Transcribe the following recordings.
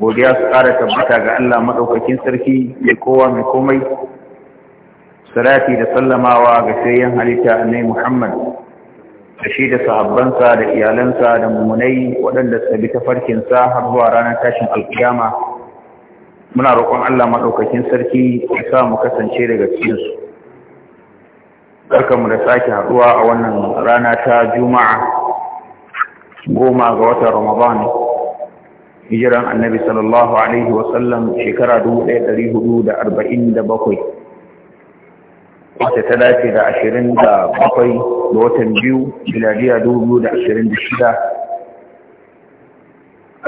godiya su ƙara tabbata ga Allah maɗaukakin sarki mai kowa mai komai salati da sallamawa ga sayan halitta annai Muhammad da shi da sahabbansa da iyalansa da mummunai waɗanda su bi tafarkinsa har zuwa ranar tashin alƙiyama muna roƙon Allah maɗaukakin sarki ya sa mu kasance daga cikinsu mu da sake haɗuwa a wannan rana ta juma'a goma ga watan ramadan hijiran annabi sallallahu alaihi wasallam shekara 1447 wata ta dace da 27 da watan biyu miladiya 2026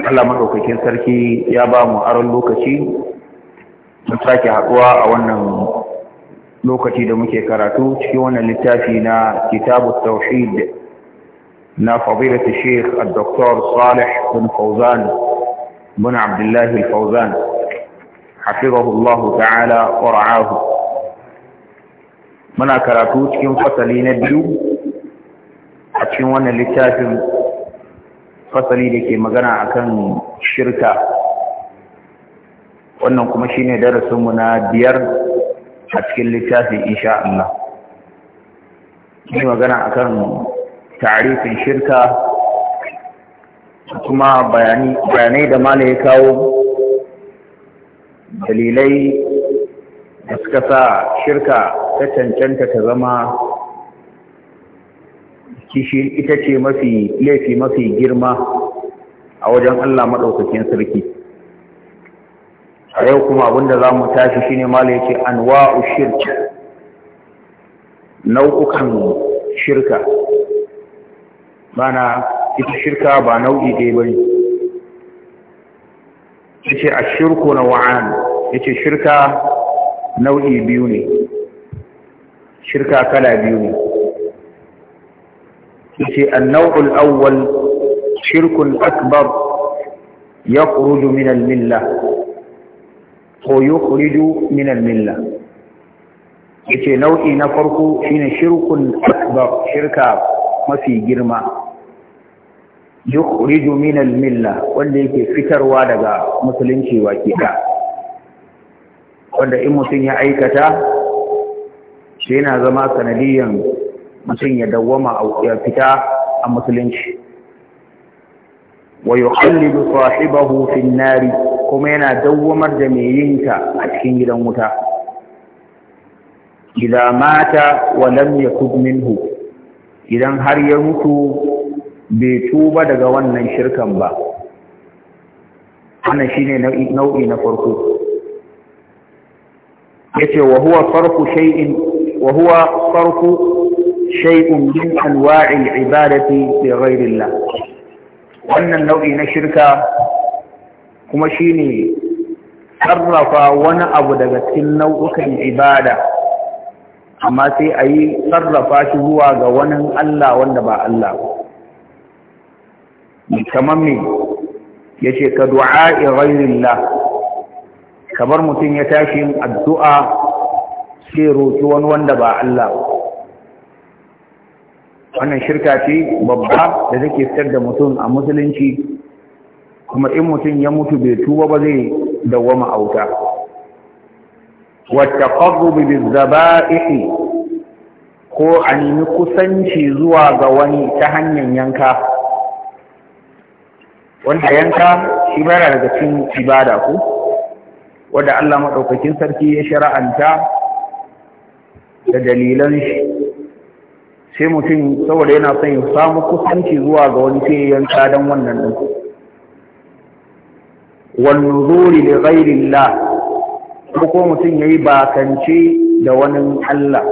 Allah maɗaukakin sarki ya ba mu aron lokaci mun sake haɗuwa a wannan lokaci da muke karatu cikin wannan littafi na kitabu tawhid na fadilatu sheikh al-doktor salih bin fauzan بن عبد الله الفوزان حفظه الله تعالى ورعاه muna karatu cikin fasali na biyu a cikin wannan littafin fasali da ke magana akan shirka wannan kuma shine darasinmu na biyar a cikin littafin insha Allah shi magana akan tarifin shirka kuma bayanai da mala ya kawo dalilai da suka sa shirka ta cancanta ta zama kishi ita ce mafi laifi mafi girma a wajen Allah maɗaukakin sarki a yau kuma da za mu tashi shine mala ya ce anwa'u shirka nau'ukan shirka bana ita shirka ba nau'i ɗaya bane yace ashirku naw'an yace shirka nau'i biyu ne shirka kala biyu ne yace an-naw'ul awwal shirkun akbar yakhruju min al-milla ko yukhriju min al-milla yace nau'i na farko shine shirkun akbar shirka mafi girma yukhriju min al-milla wanda yake fitarwa daga musulunci wake da wanda in mutum ya aikata shi yana zama sanadiyan mutum ya dawwama ya fita a musulunci wa yukhallidu sahibahu fi an nar kuma yana dawwamar da mai yinka a cikin gidan wuta idza mata wa lam yakub minhu idan har ya mutu bai tuba daga wannan shirkan ba wannan shine nau'i na farko yace wa huwa farqu shay'in wa huwa farqu shay'un min anwa'il ibadati li ghayrillah wannan nau'i na shirka kuma shine sarrafa wani abu daga cikin nau'ukan ibada amma sai ayi sarrafa shi zuwa ga wani Allah wanda ba Allah ba kamar mai ya ce ka irin la kamar mutum ya tashi yin addu'a sai roƙi wani wanda ba Allah wannan shirka ce babba da take fitar da mutum a musulunci kuma in mutum ya mutu bai tuba ba zai dawwama auta wata zaba bizzaba'i'i ko a nemi kusanci zuwa ga wani ta hanyar yanka wanda yanka shi bayar daga cikin ibada ko Wadda Allah maɗaukakin sarki ya shar'anta da dalilan shi sai mutum saboda yana son ya samu kusanci zuwa ga wani sai yanka dan wannan din wan nuzuri li ghayri Allah ko mutum yayi bakance da wani Allah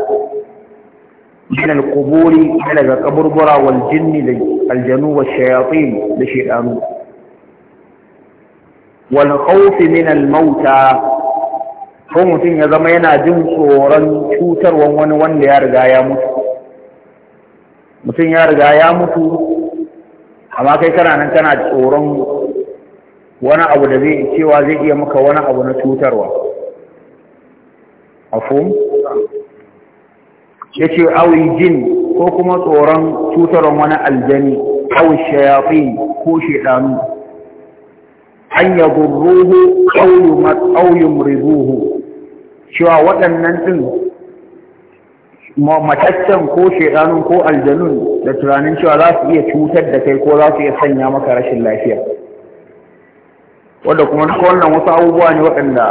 من القبور على قبر برا والجن الجنو da لشيطان wal khawfi min al mauta ko mutum ya zama yana jin tsoron cutarwan wani wanda ya riga ya mutu mutum ya riga ya mutu amma kai kana nan kana tsoron wani abu da zai cewa zai iya maka wani abu na cutarwa afum ce awi jin ko kuma tsoron cutarwan wani aljani awi shayafi ko ɗanu? an yadurruhu aw yumriduhu cewa waɗannan ɗin mataccen ko shedanun ko aljanun da tunanin cewa za su iya cutar da kai ko za su iya sanya maka rashin lafiya wadda kuma duka wannan wasu abubuwa ne waɗanda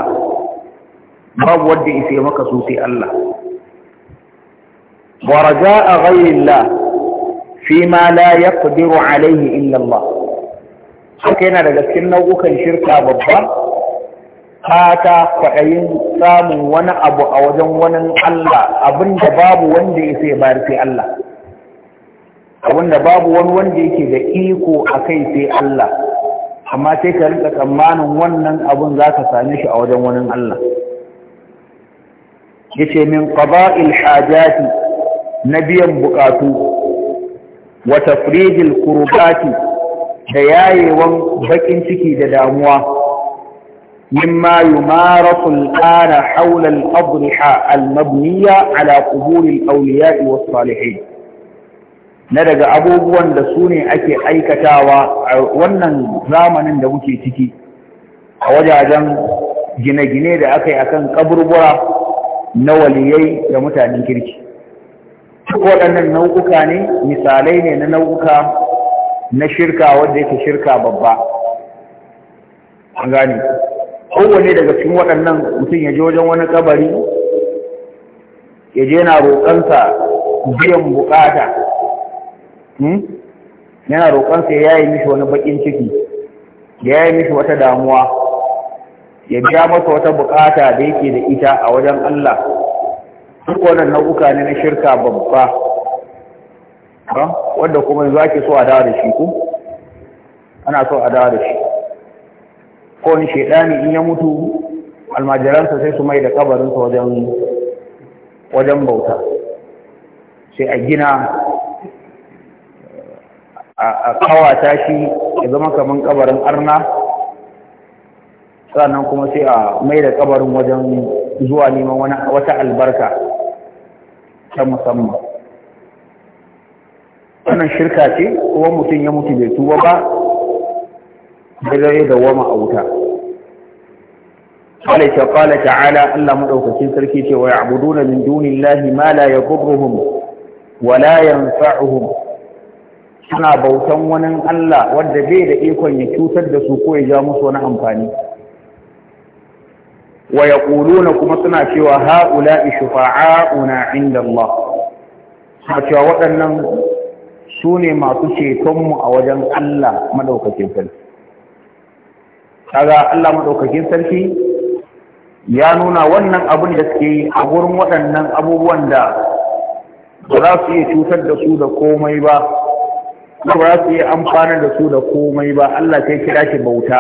babu wadda isa maka su sai Allah wa raja'a ghayrillah fi ma la yaqdiru alayhi illa Allah suka yana daga cikin nau'ukan shirka babba fata kwaɗayin samun wani abu a wajen wani Allah abin da babu wanda ya sai bayar sai Allah abin da babu wani wanda yake da iko a kai sai Allah amma sai ka rika tsammanin wannan abin za ka same shi a wajen wani Allah yace min qada'il hajati na biyan buƙatu wa tafrijil qurbati da yayewan baƙin ciki da damuwa mimma yumarasu al'ana haula al-adriha al-mabniya ala quburi al awliya wa salihin na daga abubuwan da su ne ake aikatawa a wannan zamanin da muke ciki a wajajen gine-gine da aka yi akan kaburbura na waliyai da mutanen kirki waɗannan nau'uka ne misalai ne na nau'uka na shirka wanda yake shirka babba an gane kowane daga cikin waɗannan mutum ya je wajen wani kabari ya je yana roƙonsa biyan bukata hmm? yana roƙonsa ya yi mishi wani baƙin ciki ya yi mishi wata damuwa ya biya masa wata buƙata da yake da ita a wajen Allah duk wannan nau'uka ne na shirka babba haram wanda kuma yanzu ake so a dawo da shi ko ana so a dawo da shi ko ni shedani in ya mutu almajiransa sai su mai da kabarinsa wajen wajen bauta sai a gina a kawata shi ya zama kamar kabarin arna sannan kuma sai a mai da kabarin wajen zuwa neman wata albarka ta musamman wannan shirka ce kuma mutum ya mutu bai tuba ba zai da wama a wuta Allah ya kala ta'ala Allah madaukakin sarki ce wa ya'buduna min dunillahi ma la yadurruhum wa la yanfa'uhum suna bautan wani Allah wanda bai da ikon ya cutar da su ko ya ja musu wani amfani wa yaquluna kuma suna cewa ha'ula'i shufa'a'una 'inda Allah suna cewa waɗannan su ne masu cetonmu a wajen Allah maɗaukakin sarki kaga Allah maɗaukakin sarki ya nuna wannan abin da suke yi a wurin waɗannan abubuwan da ba za su iya cutar da su da komai ba ba za su iya amfanar da su da komai ba Allah sai kira shi bauta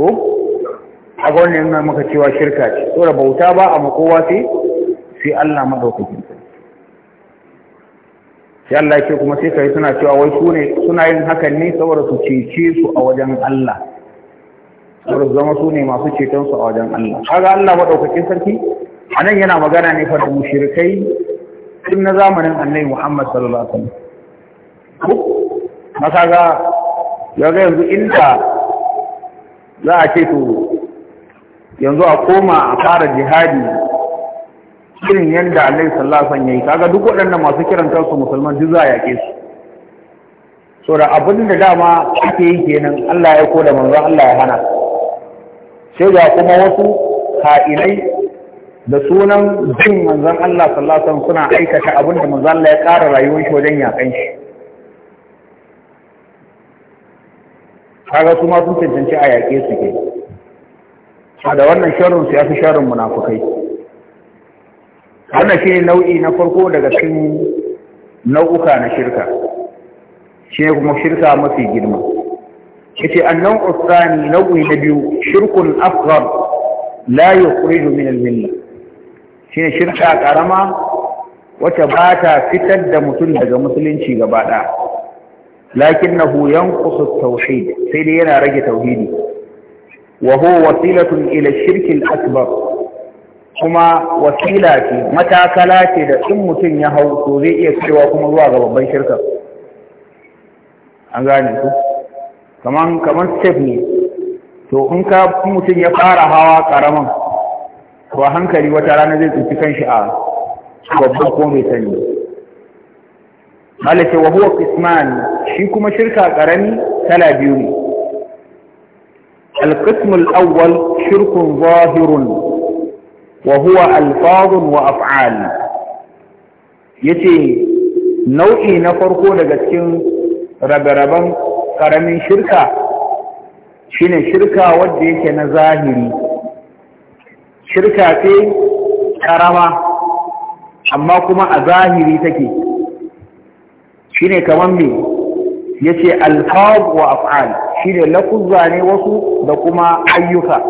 ko a wannan yana maka cewa shirka ce saboda bauta ba a makowa sai sai Allah maɗaukakin sarki sai Allah ce kuma sai kai suna cewa wai su ne suna yin hakan ne saboda su cece su a wajen Allah saboda su zama su ne masu ceton su a wajen Allah kaga Allah madaukakin sarki anan yana magana ne fa mushrikai tun na zamanin Annabi Muhammad sallallahu alaihi wasallam ga yaga yanzu inda za a ce to yanzu a koma a fara jihadi irin yadda alaihi sallallahu alaihi yayi kaga duk waɗannan masu kiran kansu musulman duk za a yaƙe su so da abin da dama ake yi kenan Allah ya koda manzon Allah ya hana sai ga kuma wasu ka'inai da sunan jin manzon Allah sallallahu alaihi suna aikata abin da manzon Allah ya ƙara rayuwar shi wajen yaƙan shi kaga su ma sun cancanci a yaƙe su ke da wannan sharrin su ya fi sharrin munafukai wannan shi ne nau'i na farko daga cikin nau'uka na shirka shi ne kuma shirka mafi girma yace annan usani nau'i na biyu shirkun asghar la yukhriju min al shi ne shirka karama wacce ba ta fitar da mutum daga musulunci gaba ɗaya na yanqusu at-tauhid sai dai yana rage tauhidi wa huwa wasilatun ila shirkin akbar kuma wasila ce matakala ce da in mutum ya hau to zai iya cewa kuma zuwa ga babban shirka an gane ku kaman kaman step ne to in ka mutum ya fara hawa karaman to a hankali wata rana zai tsinci kanshi a babban ko mai sani malaka wa huwa qisman shi kuma shirka karami kala biyu ne al-qism al-awwal shirkun zahirun wa huwa alfazun wa af'al yace nau'i na farko daga cikin rabe-raben karamin shirka shine shirka wadda yake na zahiri shirka ce karama amma kuma a zahiri take shine kamar me yace alfaz wa af'al shine lafuzane wasu da kuma ayyuka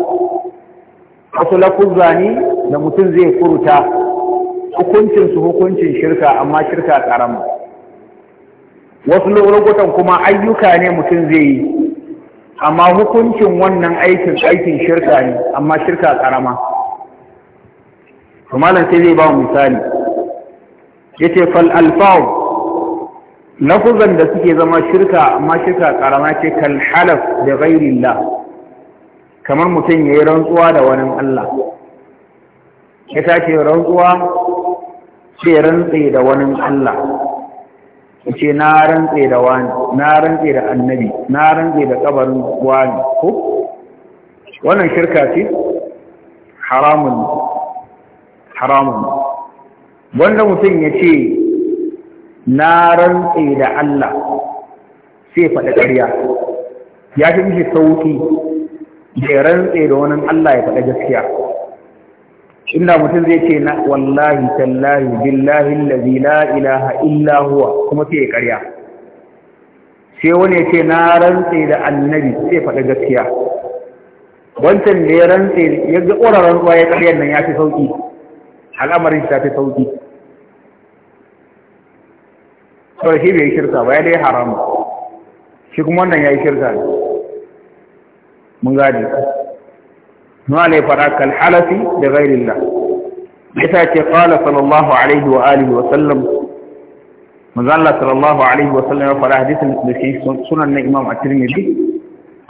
wasu lafuzane. da mutum zai furuta, hukuncin su hukuncin shirka amma shirka karama wasu lokutan kuma ayyuka ne mutum zai yi amma hukuncin wannan aikin aikin shirka ne amma shirka karama malam sai zai ba misali. misali yace fal alfaw lafuzan da suke zama shirka amma shirka karama ce kal halaf da ghairillah kamar mutum yayi rantsuwa da wani Allah ya tashi rantsuwa sai rantse da wani Allah ya ce na rantse da wani na rantse da annabi na rantse da kabarin wani ko wannan shirka ce haramun haramun wanda mutum ya ce na rantse da Allah sai faɗi ƙarya ya fi mishi sauƙi da rantse da wani Allah ya faɗi gaskiya inda mutum zai ce na wallahi tallahi billahi allazi la ilaha illa huwa kuma sai ya karya sai wani ya ce na rantse da annabi sai faɗa gaskiya wancan da ya rantse ya ga ƙoraren ruwa ya karyar nan ya fi sauƙi al'amarin ta fi sauƙi sau shi bai shirka ba ya dai haram shi kuma wannan ya yi shirka mun gadi ma ne fara kal halafi da ghairillah yasa ce qala sallallahu alaihi wa alihi wa sallam manzo sallallahu alaihi wa sallam ya fara hadisin da ke sunan na Imam At-Tirmidhi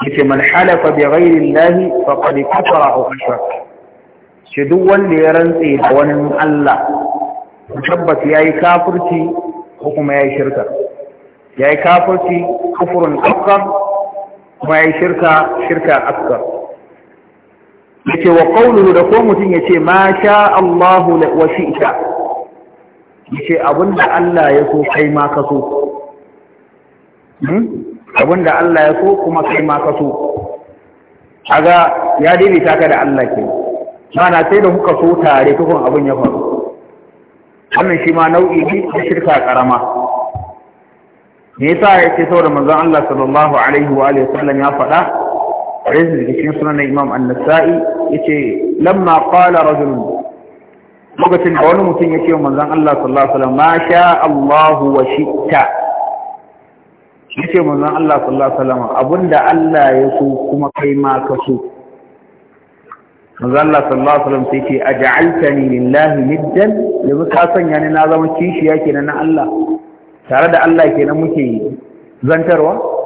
yace man halafa bi ghairillah faqad kafara aw ashraka shi duk wanda ya rantse da wani Allah tabbas yayi kafirci ko kuma yayi shirka yayi kafirci kufrun akbar kuma yayi shirka shirka akbar yace wa qawluhu da ko mutum yace ma sha Allahu wa shi'ta yace abinda Allah ya so kai ma ka so hmm? abinda Allah ya so kuma kai ma ka so kaga ya daidaita ka da Allah ke mana sai da kuka so tare tukun abin ya faru wannan shi ma nau'i ne na shirka karama me yasa yake saboda manzon Allah sallallahu alaihi wa alihi wasallam ya faɗa hadisi da cikin sunan imam an-nasa'i yace lamma qala rajul lokacin da wani mutum yace wa manzon Allah sallallahu alaihi wasallam ma sha Allahu wa shi'ta yace manzon Allah sallallahu alaihi wasallam abunda Allah ya so kuma kai ma ka so manzon Allah sallallahu alaihi wasallam sai ce aj'altani lillahi niddan yanzu ka sanya ni na zama kishiya kenan na Allah tare da Allah kenan muke zantarwa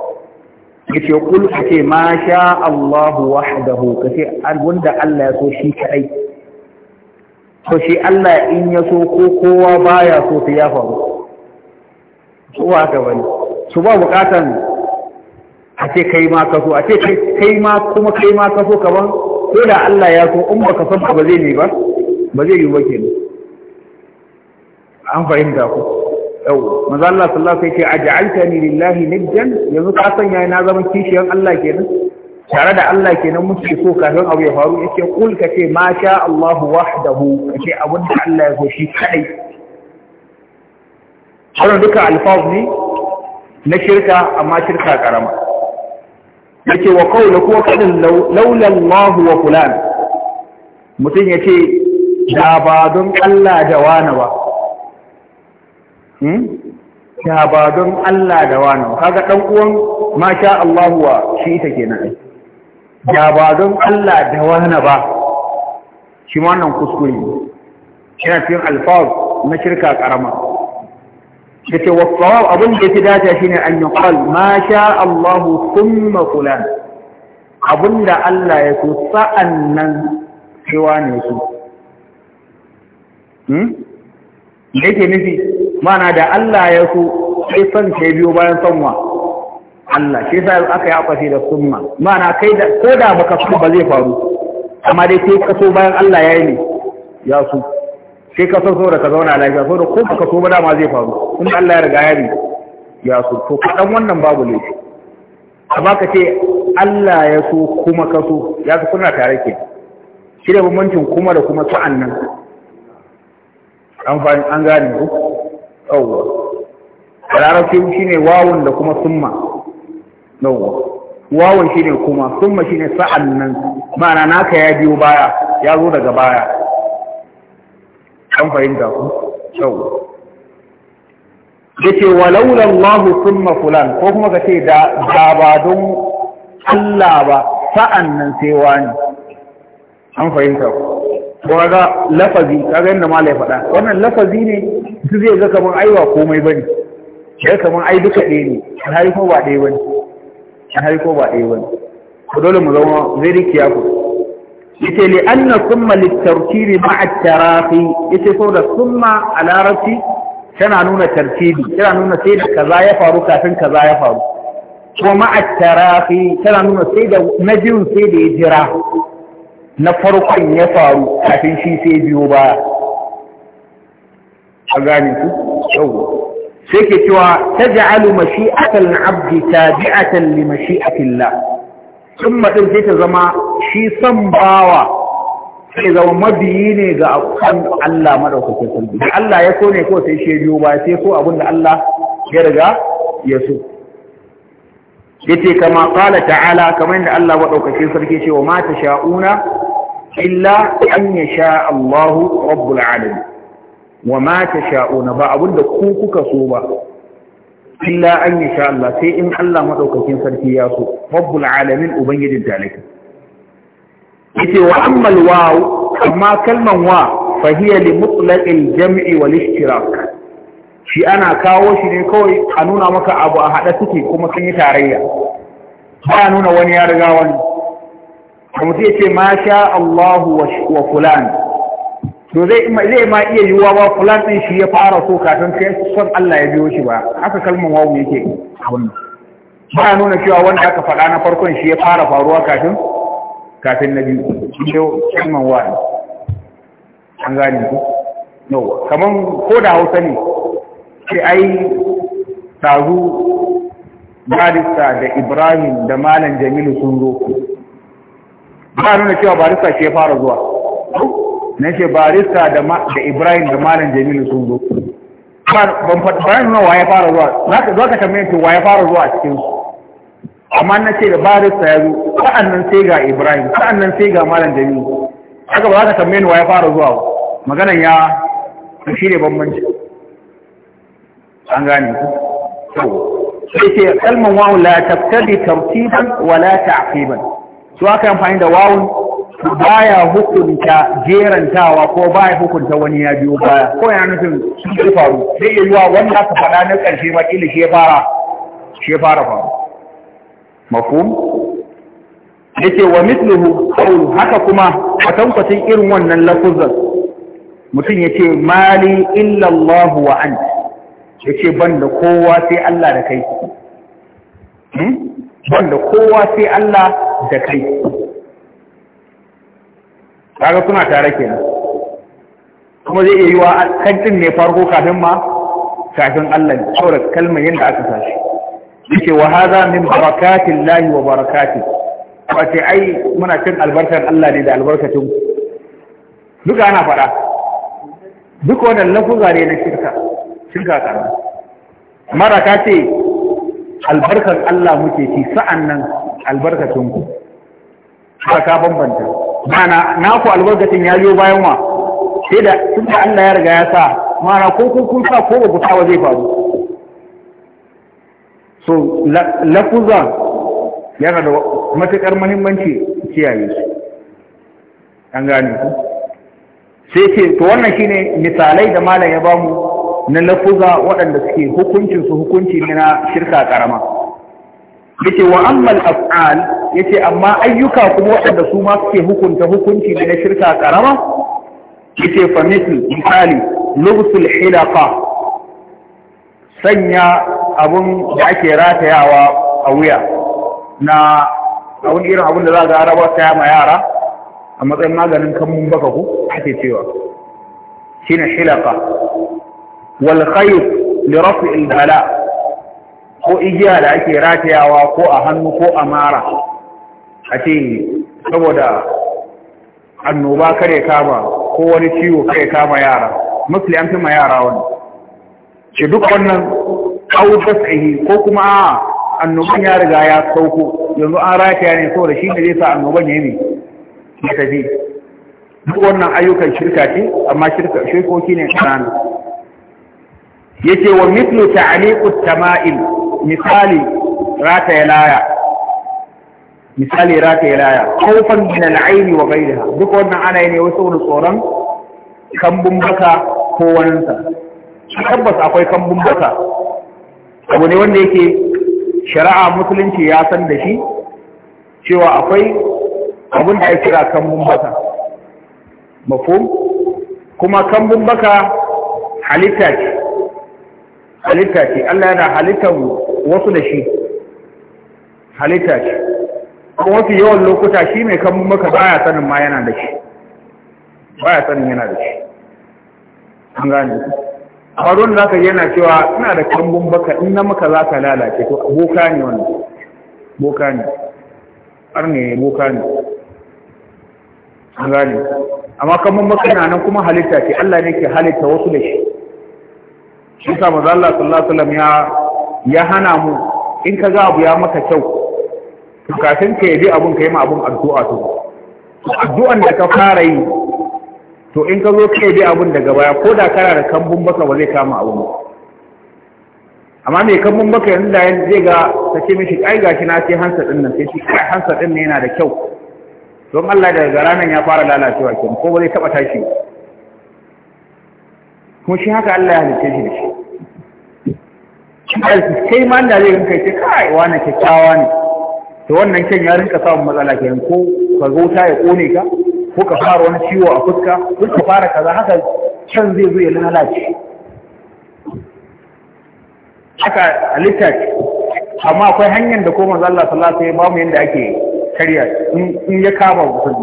yace kul kace ma sha Allah wahdahu kace wanda Allah ya so shi kai to shi Allah in ya so ko kowa baya so ta ya faru so wa ka bani su ba bukatan ace kai ma ka so ace kai ma kuma kai ma ka so kaman ko da Allah ya so in baka san ba zai ne ba ba zai yi ba kenan an fahimta ku yau maza Allah sallallahu ce wasallam yake aj'altani lillahi niddan yanzu ka sanya na zama kishiyan Allah kenan tare da Allah kenan muke so kafin abu ya faru yake kul ka ce ma sha Allah wahdahu kace abin da Allah ya goshi kadai duka alfaz ne na shirka amma shirka karama yake wa qawla ko kadin laula Allah wa fulan mutum yace da ba don Allah da wani ba Hmm? Ya ba don Allah da wani kaga ɗan uwan masha Allah wa shi ita kenan ai Ya ba don Allah da wani ba shi wannan kuskure yana cikin alfaz na shirka karama yace wasawab abin da yake dace shine an yi ma masha Allah thumma fulan abinda Allah ya so sa'annan cewa ne su hmm yake nufi mana da Allah ya so sai son ka biyo bayan sanwa Allah shi yasa aka yi akwati da summa mana kai da ko da baka so ba zai faru amma dai sai ka so bayan Allah ya yi ne ya so sai ka so da ka zauna lafiya so da ko baka so ba dama zai faru in Allah ya riga ya yi ya so to kadan wannan babu laifi amma ka ce Allah ya so kuma ka so ya so kuna tare ke shi da bambancin kuma da kuma sa'an nan an gane ku yawwa larabci shine wawun da kuma summa yawwa wawun shine kuma summa shine sa'an nan ma'ana naka ya biyo baya ya zo daga baya an fahimta ku yawwa yace walaula Allah summa fulan ko kuma ka da da ba don Allah ba sa'an nan sai wani an fahimta ku Ko ga lafazi ka ga yadda mala ya faɗa wannan lafazi ne su zai ga kamar aiwa komai ba ne ya kamar ai duka ɗaya ne an hari ko ba ɗaya ba ne an hari ko ba ɗaya ba ne ku dole mu zama very careful yace li anna summa litartibi ma'a tarafi yace da summa a larabci tana nuna tartibi tana nuna sai da kaza ya faru kafin kaza ya faru kuma ma'a tarafi tana nuna sai da na biyun sai da ya jira na farkon ya faru kafin shi sai biyo ba a gane ku yau sai ke cewa ta ja'alu mashi'atal abdi tabi'atan li mashi'atillah sun maɗin sai ta zama shi son bawa sai zama mabiyi ne ga abubuwan Allah maɗaukakin sarki da Allah ya so ne ko sai shi biyo ba sai ko abin da Allah ya riga ya so yace kama qala ta'ala kamar da Allah madaukakin sarki cewa ma sha'una illa an ya sha Allahu rabbul alamin wa ma tasha'una ba abinda ku kuka so ba illa an ya sha Allah sai in Allah madaukakin sarki ya so rabbul alamin ubangijin talaka yace wa amma alwaw amma kalman wa fa hiya li mutlaqil jam'i wal ishtirak shi ana kawo shi ne kawai a nuna maka abu a haɗa suke kuma sun yi tarayya ba nuna wani ya riga wani kamar mutum ce ma sha Allahu wa fulan to zai ma iya yiwuwa ba fulan ɗin shi ya fara so kafin kai son Allah ya biyo shi ba haka kalmar wawu yake a wannan ba nuna cewa wanda aka faɗa na farkon shi ya fara faruwa kafin kafin na biyu shi ne kalmar wawu an gane ku no kaman ko da Hausa ne sai ai tazu barista da Ibrahim da Malam Jamilu sun zo ba nuna cewa barista ke fara zuwa na ce barista da ibrahim da malam jamilu sun zo ban nuna wa ya fara zuwa za ka zo ka tambaye ce wa ya fara zuwa a cikin su amma na ce da barista ya zo sa'an nan sai ga ibrahim sa'an nan sai ga malam jamilu haka ba za ka tambaye wa ya fara zuwa ba? maganan ya shi ne bambanci an gane ku sai ce kalman wawu la tabtadi tartiban wa la ta'qiban su aka amfani da wawun baya hukunta jerantawa ko baya hukunta wani ya biyo baya ko yana nufin su ke faru sai yi wa wanda aka faɗa na ƙarshe ba ƙila shi fara shi fara faru Ya ce wa mithluhu qawl haka kuma a tankwacin irin wannan lafuzar mutum ya ce mali illa Allah wa Ya ce ban da kowa sai Allah da kai hmm? wanda kowa sai Allah da kai kaga suna tare kenan kuma zai iya yiwa wa kantin ne farko kafin ma kafin Allah ne saboda kalmar yadda aka sashi yake wa hadha min barakatin lahi wa barakati wace ai muna cin albarkar Allah ne da albarkacin duka ana faɗa duka wannan lafuza ne na shirka shirka kana maraka ce albarkar Allah muke ci sa'an nan albarkacinku ka bambanta mana naku albarkacin ya yi bayan wa sai da tun da Allah ya riga ya sa mana ko kun sa ko ba ku sa zai faru so lafuza yana da matuƙar muhimmanci kiyaye su an gane ku sai ce to wannan shine misalai da malam ya bamu na lafuza waɗanda suke hukuncinsu hukunci ne na shirka ƙarama yake wa ammal af'al yace amma ayyuka kuma waɗanda su ma suke hukunta hukunci ne na shirka ƙarama yace fa misal misali lubsul hilaqa sanya abun da ake ratayawa a wuya na abun irin abun da za ga araba ta ma yara a matsayin maganin kan mun baka ku ake cewa shine hilafa wal khayf li raf'il bala ko igiya da ake ratayawa ko a hannu ko a mara a ce saboda annoba kare kama ko wani ciwo kare kama yara musli an fi ma yara wani ce duk wannan aubas ko kuma a annoban ya riga ya sauko yanzu an rataya ne saboda shi ne zai sa annoban ya ne ya tafi duk wannan ayyukan shirka ce amma shirkoki ne ƙanana yace wa mithlu ta'liqu tama'il misali rata laya, misali rata laya, kofan min al wa ghayriha duk wannan ana yi ne wasu tsoron kambun baka ko waninsa tabbas akwai kambun baka abu ne wanda yake shari'a musulunci ya san da shi cewa akwai abin da ya kira kambun baka mafhum kuma kambun baka halitta ce halitta ce Allah yana halittar wasu da shi halitta ce ko wasu yawan lokuta shi mai kamun maka baya sanin ma yana da shi baya sanin yana da shi an gane amma don za ka yana cewa ina da kambun baka in na maka za ka lalace to boka ne wannan boka ne har ne boka ne an gane amma kan baka nan kuma halitta ce Allah ne ke halitta wasu da shi shi sa maza sallallahu alaihi wasallam ya ya hana mu in ka ga abu ya maka kyau to kafin ka bi abun ka yi ma abun addu'a to addu'an da ka fara yi to in ka zo ka bi abun daga baya ko da kana da kambun baka ba zai kama abun ba amma me kambun baka yanzu da yanzu zai ga sake mishi ai gashi na sai hansa din nan sai shi hansa din ne yana da kyau don Allah daga ranar ya fara lalacewa kenan ko ba zai taba tashi kuma shi haka Allah ya halitta shi da shi kai ma da zai kai ce kai wani kyakkyawa ne to wannan kyan ya rinka samun matsala kenan ko ka zo ta ya kone ka ko ka fara wani ciwo a fuska ko ka fara kaza haka can zai zo ya lalace haka a amma akwai hanyar da ko manzo Allah sallallahu alaihi wasallam ya bamu yanda ake karya in ya kama mutum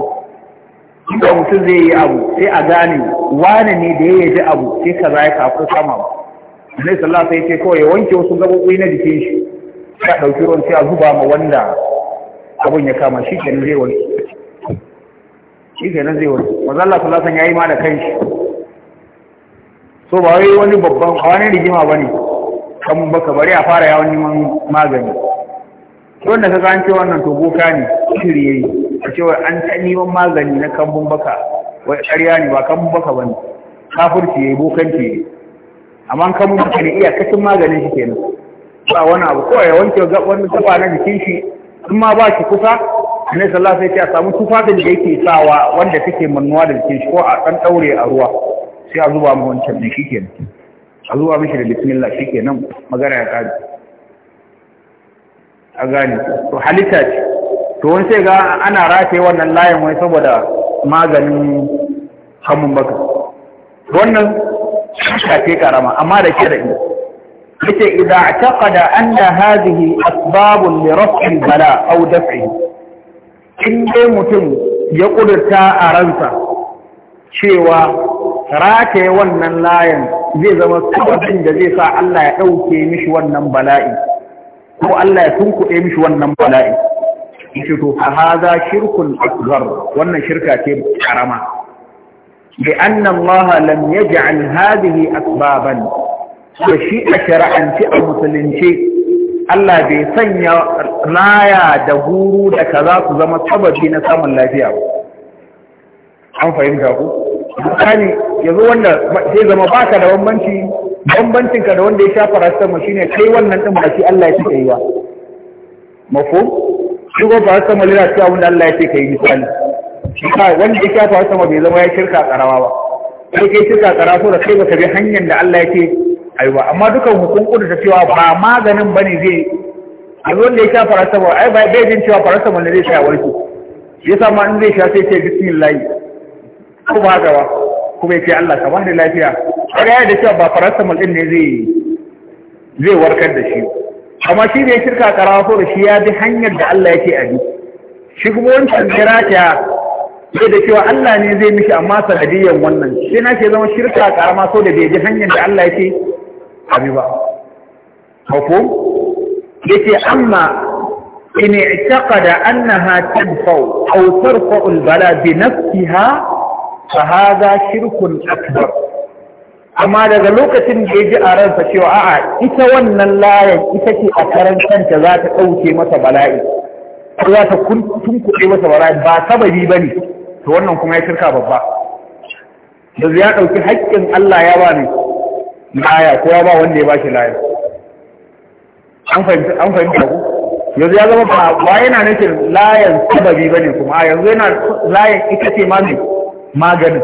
inda mutum zai yi abu sai a gane wane ne da ya yaji abu sai kaza ya kafa kama ba Annabi sallallahu alaihi wasallam kawai ya wanke wasu gabobi na jikin shi ya dauki ruwan sai a zuba ma wanda abun ya kama shi kenan zai wanke shi kenan zai wanke manzo Allah sallallahu alaihi wasallam yayi ma da kanshi so ba wai wani babban wani rigima bane kan baka bari a fara yawon neman magani wanda ka ga ce wannan to boka ne shiri yayi a cewa an ta neman magani na kambun baka wai ƙarya ne ba kambun baka bane kafirci yayi bokanci yayi amma kan mutu ne iya kashin maganin shi kenan ba wani abu kawai ya wanke wani gaba na jikin shi in ma ba shi kusa annabi sallallahu alaihi ce a samu tufafin da yake sawa wanda kake mannuwa da jikin shi ko a dan daure a ruwa sai a zuba mu wancan ne kenan. a zuba mishi da bismillah nan magana ya kare a gane to halitta ce to wani sai ga ana rafe wannan layin wai saboda maganin hamun baka wannan shafe karama amma da ke da shari'i yace idza i'taqada anna hadhihi asbabun li raf'i bala aw daf'i in dai mutum ya kudurta a ransa cewa rataye wannan layan zai zama sababin da zai sa Allah ya ɗauke mishi wannan bala'i ko Allah ya tunkuɗe mishi wannan bala'i yace to fa hadha shirkun asghar wannan shirka ce karama لأن الله لم يجعل هذه أسبابا وشيء شرعا في المسلم شيء Allah bai sanya raya da guru da kaza su zama sababi na samun lafiya an fahimta ku misali yanzu wanda zai zama baka da bambanci bambancin da wanda ya shafa farasitamo, shine kai wannan din ba shi Allah ya ce yi ba Allah ya ce wanda ya shafa sama bai zama ya shirka karawa ba sai ke shirka kara so da kai baka bi hanyar da Allah yake aiwa amma dukan hukun da ta cewa ba maganin ba ne zai a wanda ya sha paracetamol ai ba bai jin cewa paracetamol ne zai sha warki Ya ma in zai sha sai ce bismillah ko ba ga ba kuma ce Allah ka bani lafiya kaga ya da cewa ba paracetamol din ne zai zai warkar da shi amma shi ne shirka karawa so da shi ya bi hanyar da Allah yake bi. shi kuma wancan jira ta sai da cewa Allah ne zai mishi amma sanadiyyar wannan sai na ke zama shirka ƙarama. so da bai ji hanyar da Allah yake abi ba ya ce amma in i'taqada annaha tanfa'u aw tarfa'u al-bala bi nafsiha fa hadha shirkun akbar amma daga lokacin da ya ji a ransa cewa a'a ita wannan layan ita ce a karan kanta za ta ɗauke masa bala'i ko za ta tunkuɗe masa bala'i ba sababi ba ne to wannan kuma ya shirka babba yanzu ya ɗauki haƙƙin Allah ya ba ne laya ko ya ba wanda ya ba shi laya an fahimta ku yanzu ya zama ba yana nufin layan sababi ba ne kuma a yanzu yana layan ita ce ma maganin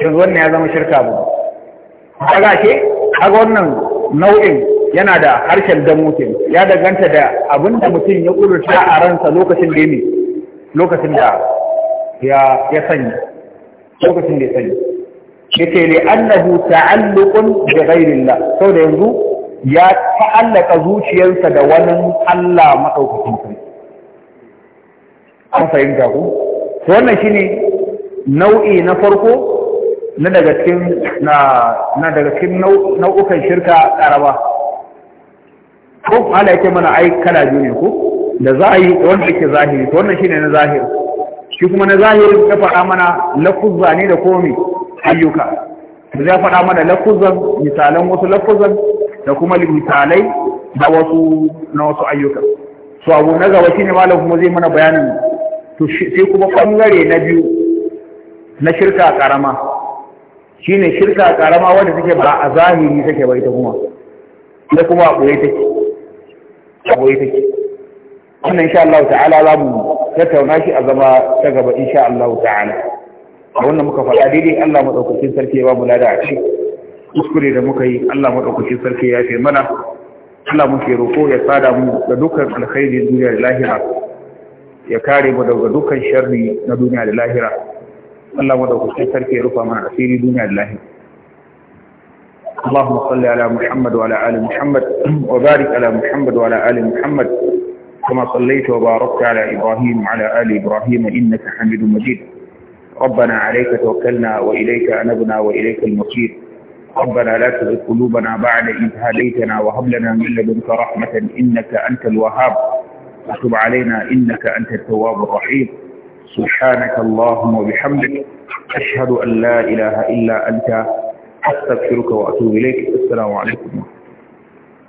yanzu wannan ya zama shirka ba kaga ke kaga wannan nau'in yana da harshen dan mutum ya danganta da abinda mutum ya ƙudurta a ransa lokacin da ne lokacin da ya sanya lokacin da ya sanya ya ce ne annahu ta'alluqun bi ghairillah saboda yanzu ya ta'allaka zuciyarsa da wani Allah madaukakin sarki an fahimta ku to wannan shine nau'i na farko na daga cikin na na daga cikin nau'ukan shirka karaba ko Allah yake mana ai kala biyu ne ko da za a yi wanda yake zahiri to wannan shine na zahiri shi kuma na zahiri ta faɗa mana lafuzza ne da komi ayyuka ya faɗa mana lafuzan misalan wasu lafuzan da kuma misalai da wasu na wasu ayyuka so abu na gaba shine malam kuma zai mana bayanin to sai kuma bangare na biyu na shirka karama shine shirka karama wanda take ba a zahiri take ba ita kuma da kuma a boye take a boye take wannan insha Allah ta'ala za mu tattauna shi a zama ta gaba insha Allah ta'ala a wannan muka faɗa daidai Allah madaukakin sarki ya ba mu lada a ci kuskure da muka yi Allah madaukakin sarki ya fi mana Allah muke roƙo ya sada mu da dukkan na duniya da lahira ya kare mu daga dukkan sharri na duniya da lahira Allah madaukakin sarki ya rufa mana asiri duniya da lahira اللهم صل على محمد وعلى آل محمد وبارك على محمد وعلى آل محمد كما صليت وباركت على إبراهيم وعلى آل إبراهيم إنك حميد مجيد ربنا عليك توكلنا وإليك أنبنا وإليك المصير ربنا لا تغفر قلوبنا بعد إذ هديتنا وهب لنا من لدنك رحمة إنك أنت الوهاب وتب علينا إنك أنت التواب الرحيم سبحانك اللهم وبحمدك أشهد أن لا إله إلا أنت أستغفرك وأتوب إليك السلام عليكم ورحمة الله